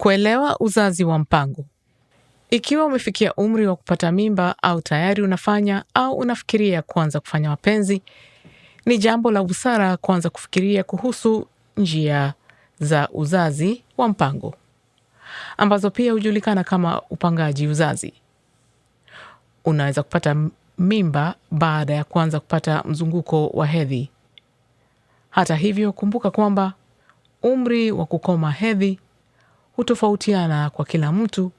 Kuelewa uzazi wa mpango. Ikiwa umefikia umri wa kupata mimba au tayari unafanya au unafikiria kuanza kufanya mapenzi, ni jambo la busara kuanza kufikiria kuhusu njia za uzazi wa mpango ambazo pia hujulikana kama upangaji uzazi. Unaweza kupata mimba baada ya kuanza kupata mzunguko wa hedhi. Hata hivyo, kumbuka kwamba umri wa kukoma hedhi hutofautiana kwa kila mtu,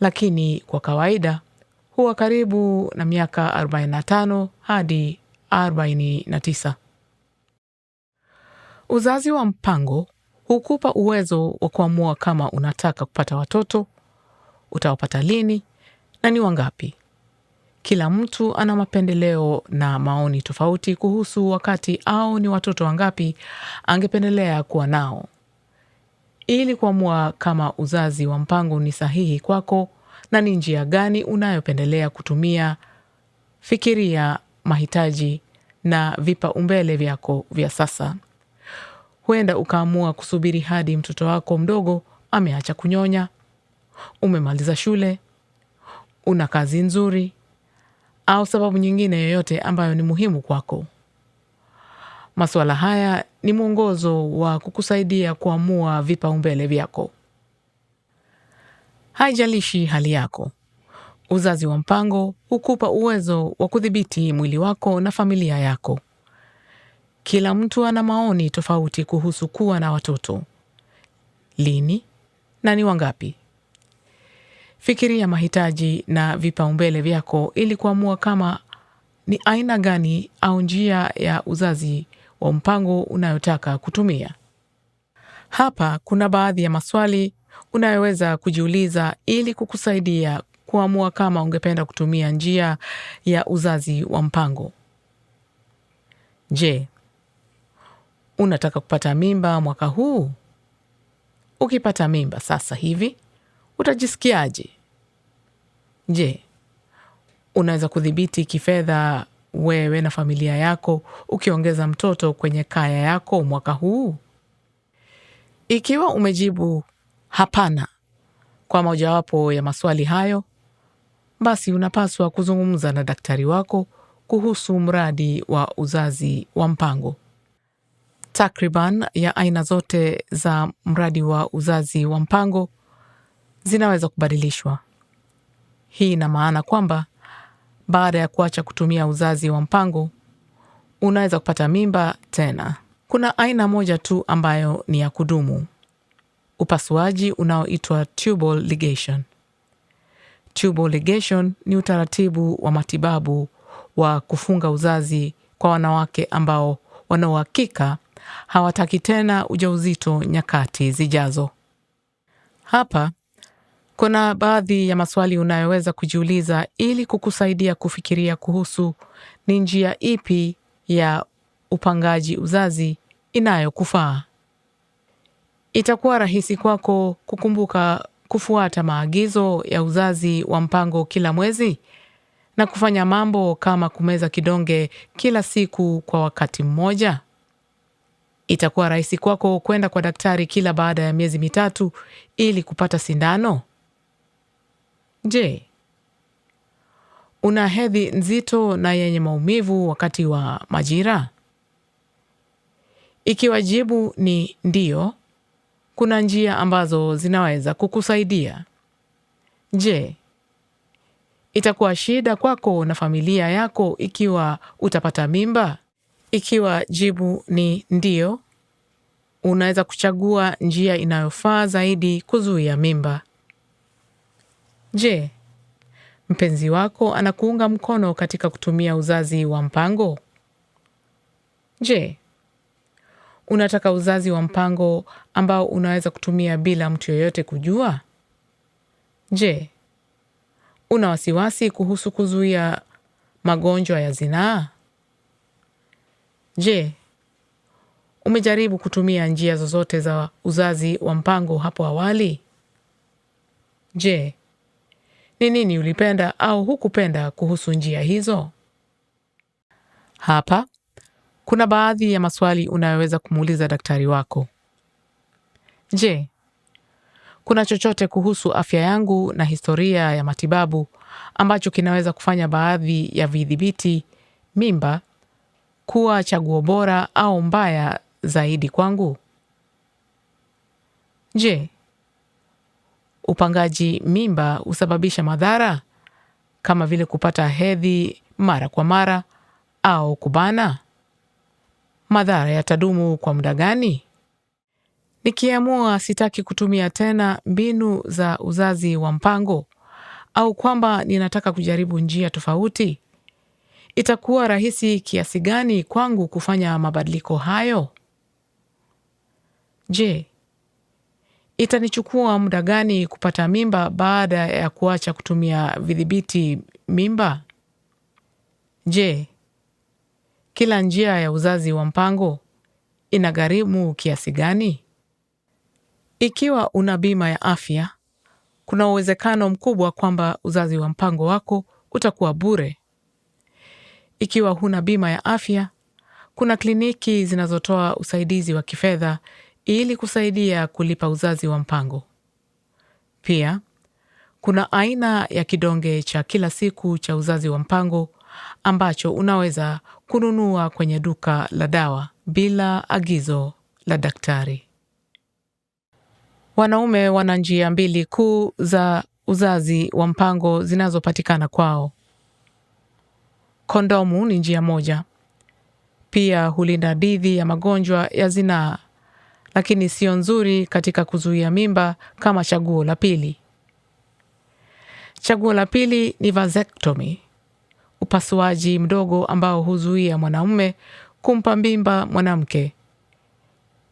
lakini kwa kawaida huwa karibu na miaka 45 hadi 49. Uzazi wa mpango hukupa uwezo wa kuamua kama unataka kupata watoto, utawapata lini na ni wangapi. Kila mtu ana mapendeleo na maoni tofauti kuhusu wakati au ni watoto wangapi angependelea kuwa nao ili kuamua kama uzazi wa mpango ni sahihi kwako na ni njia gani unayopendelea kutumia. Fikiria mahitaji na vipaumbele vyako vya sasa. Huenda ukaamua kusubiri hadi mtoto wako mdogo ameacha kunyonya, umemaliza shule, una kazi nzuri, au sababu nyingine yoyote ambayo ni muhimu kwako. Masuala haya ni mwongozo wa kukusaidia kuamua vipaumbele vyako. Haijalishi hali yako, uzazi wa mpango hukupa uwezo wa kudhibiti mwili wako na familia yako. Kila mtu ana maoni tofauti kuhusu kuwa na watoto, lini na ni wangapi. Fikiria mahitaji na vipaumbele vyako ili kuamua kama ni aina gani au njia ya uzazi wa mpango unayotaka kutumia. Hapa kuna baadhi ya maswali unayoweza kujiuliza ili kukusaidia kuamua kama ungependa kutumia njia ya uzazi wa mpango. Je, unataka kupata mimba mwaka huu? Ukipata mimba sasa hivi utajisikiaje? Je, unaweza kudhibiti kifedha wewe na familia yako ukiongeza mtoto kwenye kaya yako mwaka huu? Ikiwa umejibu hapana kwa mojawapo ya maswali hayo, basi unapaswa kuzungumza na daktari wako kuhusu mradi wa uzazi wa mpango. Takriban ya aina zote za mradi wa uzazi wa mpango zinaweza kubadilishwa. Hii ina maana kwamba baada ya kuacha kutumia uzazi wa mpango, unaweza kupata mimba tena. Kuna aina moja tu ambayo ni ya kudumu, upasuaji unaoitwa tubal ligation. Tubal ligation ni utaratibu wa matibabu wa kufunga uzazi kwa wanawake ambao wanaohakika hawataki tena ujauzito nyakati zijazo. Hapa kuna baadhi ya maswali unayoweza kujiuliza ili kukusaidia kufikiria kuhusu ni njia ipi ya upangaji uzazi inayokufaa. Itakuwa rahisi kwako kukumbuka kufuata maagizo ya uzazi wa mpango kila mwezi na kufanya mambo kama kumeza kidonge kila siku kwa wakati mmoja. Itakuwa rahisi kwako kwenda kwa daktari kila baada ya miezi mitatu ili kupata sindano. Je, una hedhi nzito na yenye maumivu wakati wa majira? Ikiwa jibu ni ndio kuna njia ambazo zinaweza kukusaidia. Je, itakuwa shida kwako na familia yako ikiwa utapata mimba? Ikiwa jibu ni ndio unaweza kuchagua njia inayofaa zaidi kuzuia mimba. Je, mpenzi wako anakuunga mkono katika kutumia uzazi wa mpango? Je, unataka uzazi wa mpango ambao unaweza kutumia bila mtu yoyote kujua? Je, una wasiwasi kuhusu kuzuia magonjwa ya zinaa? Je, umejaribu kutumia njia zozote za uzazi wa mpango hapo awali? Je, ni nini ulipenda au hukupenda kuhusu njia hizo? Hapa kuna baadhi ya maswali unayoweza kumuuliza daktari wako. Je, kuna chochote kuhusu afya yangu na historia ya matibabu ambacho kinaweza kufanya baadhi ya vidhibiti mimba kuwa chaguo bora au mbaya zaidi kwangu? Je, upangaji mimba husababisha madhara kama vile kupata hedhi mara kwa mara au kubana? Madhara yatadumu kwa muda gani? Nikiamua sitaki kutumia tena mbinu za uzazi wa mpango au kwamba ninataka kujaribu njia tofauti, itakuwa rahisi kiasi gani kwangu kufanya mabadiliko hayo? Je, Itanichukua muda gani kupata mimba baada ya kuacha kutumia vidhibiti mimba? Je, kila njia ya uzazi wa mpango ina gharimu kiasi gani? Ikiwa una bima ya afya, kuna uwezekano mkubwa kwamba uzazi wa mpango wako utakuwa bure. Ikiwa huna bima ya afya, kuna kliniki zinazotoa usaidizi wa kifedha ili kusaidia kulipa uzazi wa mpango. Pia kuna aina ya kidonge cha kila siku cha uzazi wa mpango ambacho unaweza kununua kwenye duka la dawa bila agizo la daktari. Wanaume wana njia mbili kuu za uzazi wa mpango zinazopatikana kwao. Kondomu ni njia moja. Pia hulinda dhidi ya magonjwa ya zinaa lakini sio nzuri katika kuzuia mimba kama chaguo la pili. Chaguo la pili ni vasectomy, upasuaji mdogo ambao huzuia mwanamume kumpa mimba mwanamke.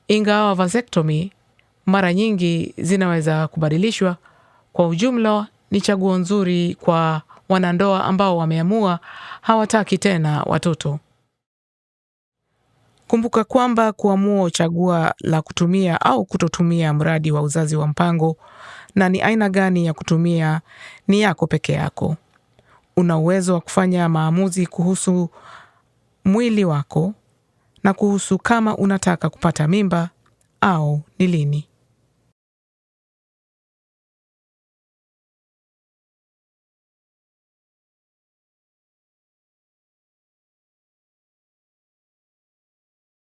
Ingawa vasectomy mara nyingi zinaweza kubadilishwa, kwa ujumla ni chaguo nzuri kwa wanandoa ambao wameamua hawataki tena watoto. Kumbuka kwamba kuamua chagua la kutumia au kutotumia mradi wa uzazi wa mpango na ni aina gani ya kutumia ni yako peke yako. Una uwezo wa kufanya maamuzi kuhusu mwili wako na kuhusu kama unataka kupata mimba au ni lini.